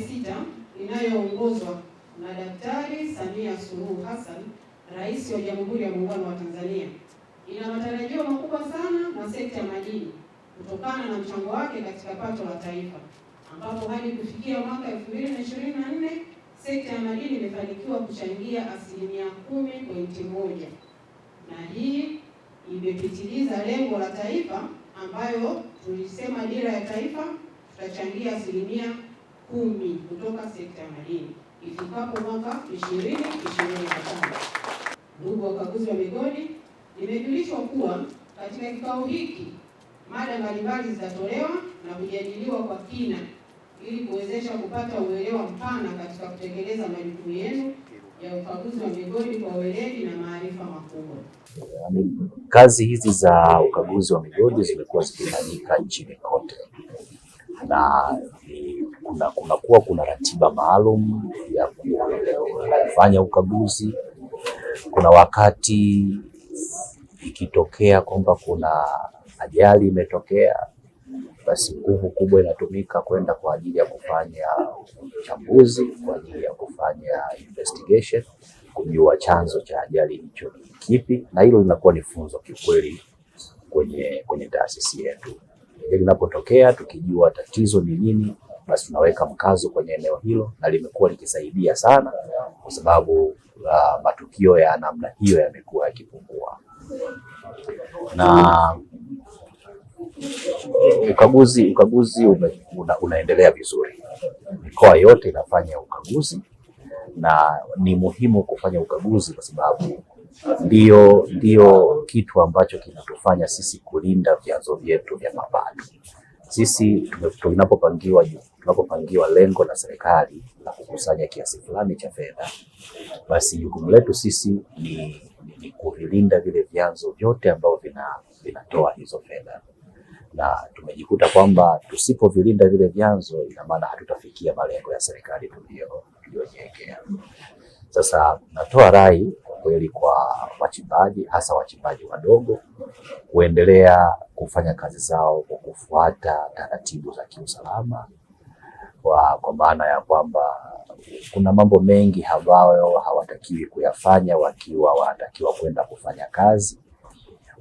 sita inayoongozwa na Daktari Samia Suluhu Hassan, Rais wa Jamhuri ya Muungano wa Tanzania, ina matarajio makubwa sana na sekta ya madini kutokana na mchango wake katika pato la taifa, ambapo hadi kufikia mwaka 2024 sekta ya madini imefanikiwa kuchangia asilimia 10.1, na hii imepitiliza lengo la taifa ambayo tulisema dira ya taifa tutachangia asilimia kumi kutoka sekta ya madini ifikapo mwaka 2025. Ndugu wakaguzi wa migodi, nimejulishwa kuwa katika kikao hiki mada mbalimbali zitatolewa na kujadiliwa kwa kina ili kuwezesha kupata uelewa mpana katika kutekeleza majukumu yenu ya ukaguzi wa migodi kwa weledi na maarifa makubwa. Yaani, kazi hizi za ukaguzi wa migodi zimekuwa zikifanyika nchini kote na kuna kunakuwa kuna ratiba maalum ya kufanya ukaguzi. Kuna wakati ikitokea kwamba kuna ajali imetokea, basi nguvu kubwa inatumika kwenda kwa ajili ya kufanya uchambuzi, kwa ajili ya kufanya investigation, kujua chanzo cha ajali hicho ni kipi, na hilo linakuwa ni funzo kiukweli kwenye, kwenye taasisi yetu. linapotokea tukijua tatizo ni nini, basi tunaweka mkazo kwenye eneo hilo, na limekuwa likisaidia sana kwa sababu uh, matukio ya namna hiyo yamekuwa yakipungua. Na ukaguzi ukaguzi ume, una, unaendelea vizuri. Mikoa yote inafanya ukaguzi na ni muhimu kufanya ukaguzi kwa sababu ndio ndio kitu ambacho kinatufanya sisi kulinda vyanzo vyetu vya mapato. Sisi tunapopangiwa tunapopangiwa lengo la serikali la kukusanya kiasi fulani cha fedha, basi jukumu letu sisi ni, ni, kuvilinda vile vyanzo vyote ambavyo vina, vinatoa hizo fedha, na tumejikuta kwamba tusipovilinda vile vyanzo, ina maana hatutafikia malengo ya serikali tuliyojiwekea. Sasa natoa rai kwa kweli kwa wachimbaji, hasa wachimbaji wadogo kuendelea kufanya kazi zao kwa kufuata taratibu za kiusalama kwa, kwa maana ya kwamba kuna mambo mengi ambayo hawatakiwi kuyafanya wakiwa wanatakiwa kwenda kufanya kazi.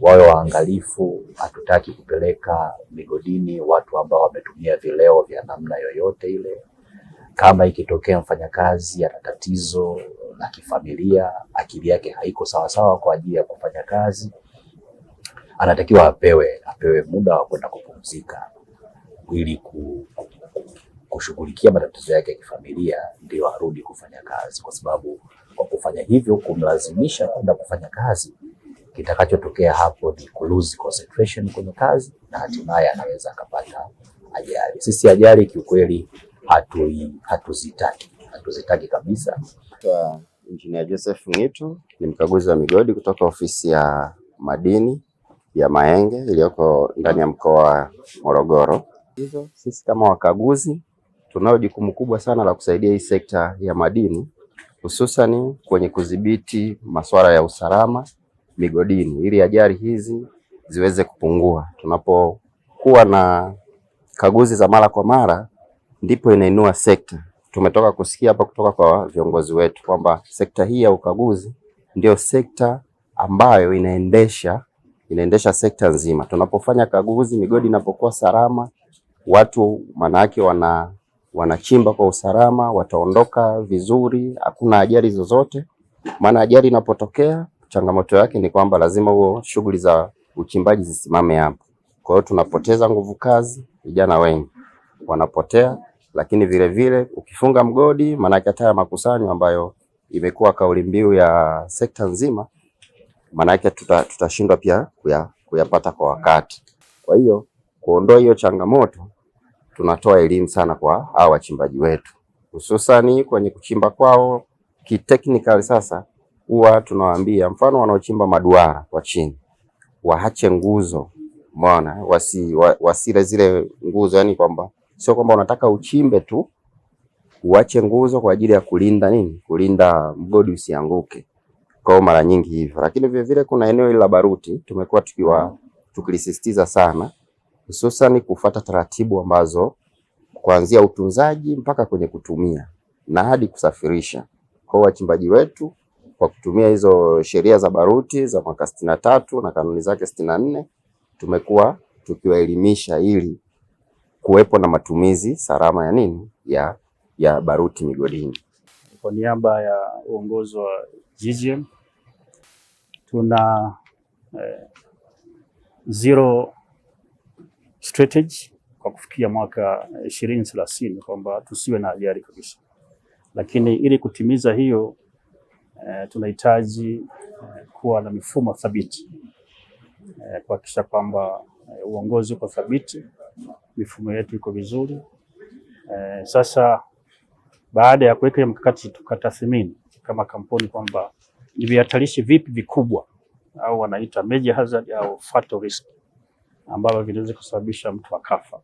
Wawe waangalifu, hatutaki kupeleka migodini watu ambao wametumia vileo vya namna yoyote ile. Kama ikitokea mfanyakazi ana tatizo la kifamilia, akili yake haiko sawasawa kwa ajili ya kufanya kazi, anatakiwa apewe apewe muda wa kwenda kupumzika ili kushughulikia matatizo yake ya kifamilia ndio arudi kufanya kazi, kwa sababu kwa kufanya hivyo kumlazimisha kwenda kufanya kazi, kitakachotokea hapo ni kuluzi concentration kwenye kazi na hatimaye anaweza akapata ajali. Sisi ajali kiukweli hatuzitaki, hatuzitaki, hatuzitaki kabisa. Engineer Joseph Ngitu ni mkaguzi wa migodi kutoka ofisi ya madini ya Mahenge iliyoko ndani ya mkoa wa Morogoro. Hizo sisi kama wakaguzi tunao jukumu kubwa sana la kusaidia hii sekta ya madini hususan kwenye kudhibiti masuala ya usalama migodini ili ajali hizi ziweze kupungua. Tunapokuwa na kaguzi za mara kwa mara, ndipo inainua sekta. Tumetoka kusikia hapa kutoka kwa viongozi wetu kwamba sekta hii ya ukaguzi ndio sekta ambayo inaendesha inaendesha sekta nzima. Tunapofanya kaguzi, migodi inapokuwa salama, watu manake wana wanachimba kwa usalama, wataondoka vizuri, hakuna ajali zozote. Maana ajali inapotokea changamoto yake ni kwamba lazima huo shughuli za uchimbaji zisimame hapo. Kwa hiyo tunapoteza nguvu kazi, vijana wengi wanapotea, lakini vile vile, ukifunga mgodi, maana hata ya makusanyo ambayo imekuwa kauli mbiu ya sekta nzima, maana yake tutashindwa tuta pia kuyapata kuya kwa wakati. Kwa hiyo kuondoa hiyo changamoto tunatoa elimu sana kwa hao wachimbaji wetu, hususani kwenye kuchimba kwao kitechnical. Sasa huwa tunawaambia, mfano wanaochimba maduara kwa chini waache nguzo, umeona, wasi wa, wasile zile nguzo, yani kwamba sio kwamba unataka uchimbe tu uache nguzo kwa ajili ya kulinda nini, kulinda mgodi usianguke. kwao mara nyingi hivyo, lakini vilevile kuna eneo hili la baruti tumekuwa tukiwa tukilisisitiza sana hususani kufuata taratibu ambazo kuanzia utunzaji mpaka kwenye kutumia na hadi kusafirisha. Kwa wachimbaji wetu kwa kutumia hizo sheria za baruti za mwaka sitini na tatu na kanuni zake sitini na nne tumekuwa tukiwaelimisha ili kuwepo na matumizi salama ya nini ya, ya baruti migodini. Kwa niaba ya uongozi wa GGM tuna eh, zero strategy kwa kufikia mwaka ishirini kwamba tusiwe na ajali kabisa, lakini ili kutimiza hiyo eh, tunahitaji eh, kuwa na mifumo thabiti eh, kuhakikisha kwamba eh, uongozi uko thabiti, mifumo yetu iko vizuri. Eh, sasa baada ya kuweka mkakati tukatathmini kama kampuni kwamba ni vihatarishi vipi vikubwa au wanaita major hazard au fatal risk ambavyo vinaweza kusababisha mtu akafa.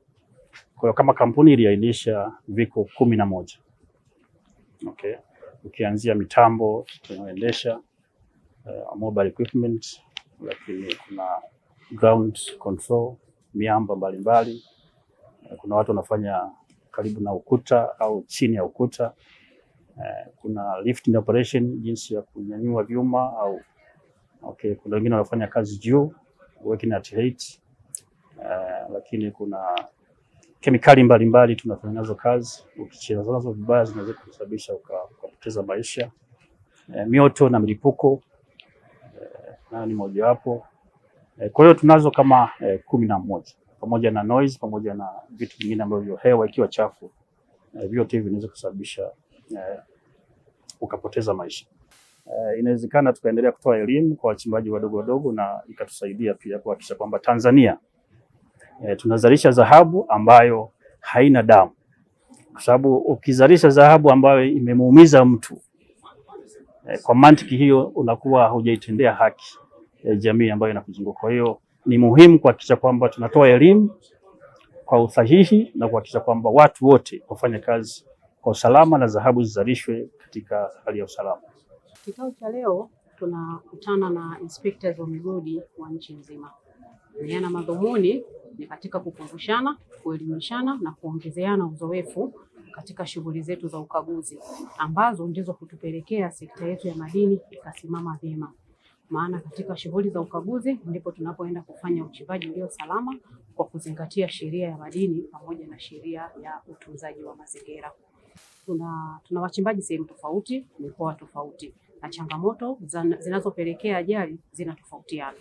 Kwa hiyo kama kampuni iliainisha viko kumi na moja okay. Ukianzia mitambo tunayoendesha uh, mobile equipment, lakini kuna ground control, miamba mbalimbali mbali. Kuna watu wanafanya karibu na ukuta au chini ya ukuta uh, kuna lifting operation, jinsi ya kunyanyua vyuma au okay. Kuna wengine wanafanya kazi juu working at height Eh, lakini kuna kemikali mbalimbali tunafanya nazo kazi, ukicheza nazo vibaya zinaweza kusababisha ukapoteza maisha. E, mioto na milipuko e, eh, nayo ni mojawapo e, kwa hiyo tunazo kama e, kumi na moja pamoja na noise pamoja na vitu vingine ambavyo hewa ikiwa chafu e, vyote hivi vinaweza kusababisha e, ukapoteza maisha. Uh, inawezekana tukaendelea kutoa elimu kwa wachimbaji wadogo wadogo na ikatusaidia pia kuhakikisha kwamba Tanzania E, tunazalisha dhahabu ambayo haina damu, kwa sababu ukizalisha dhahabu ambayo imemuumiza mtu e, kwa mantiki hiyo unakuwa hujaitendea haki e, jamii ambayo inakuzunguka. Kwa hiyo ni muhimu kuhakikisha kwamba tunatoa elimu kwa usahihi na kuhakikisha kwamba watu wote wafanye kazi kwa usalama na dhahabu zizalishwe katika hali ya usalama. Kikao cha leo tunakutana na inspectors wa migodi wa nchi nzima na yana madhumuni ni katika kukumbushana, kuelimishana na kuongezeana uzoefu katika shughuli zetu za ukaguzi ambazo ndizo kutupelekea sekta yetu ya madini ikasimama vyema, maana katika shughuli za ukaguzi ndipo tunapoenda kufanya uchimbaji ulio salama kwa kuzingatia sheria ya madini pamoja na sheria ya utunzaji wa mazingira. Tuna, tuna wachimbaji sehemu tofauti, mikoa tofauti, na changamoto zinazopelekea ajali zinatofautiana.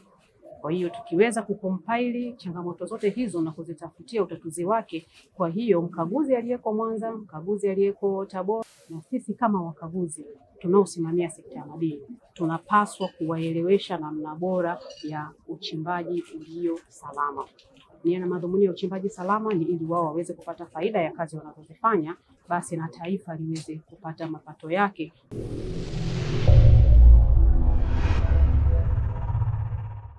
Kwa hiyo tukiweza kukompaili changamoto zote hizo na kuzitafutia utatuzi wake, kwa hiyo mkaguzi aliyeko Mwanza, mkaguzi aliyeko Tabora na sisi kama wakaguzi tunaosimamia sekta ya madini tunapaswa kuwaelewesha namna bora ya uchimbaji ulio salama. Nia na madhumuni ya uchimbaji salama ni ili wao waweze kupata faida ya kazi wanazozifanya, basi na taifa liweze kupata mapato yake.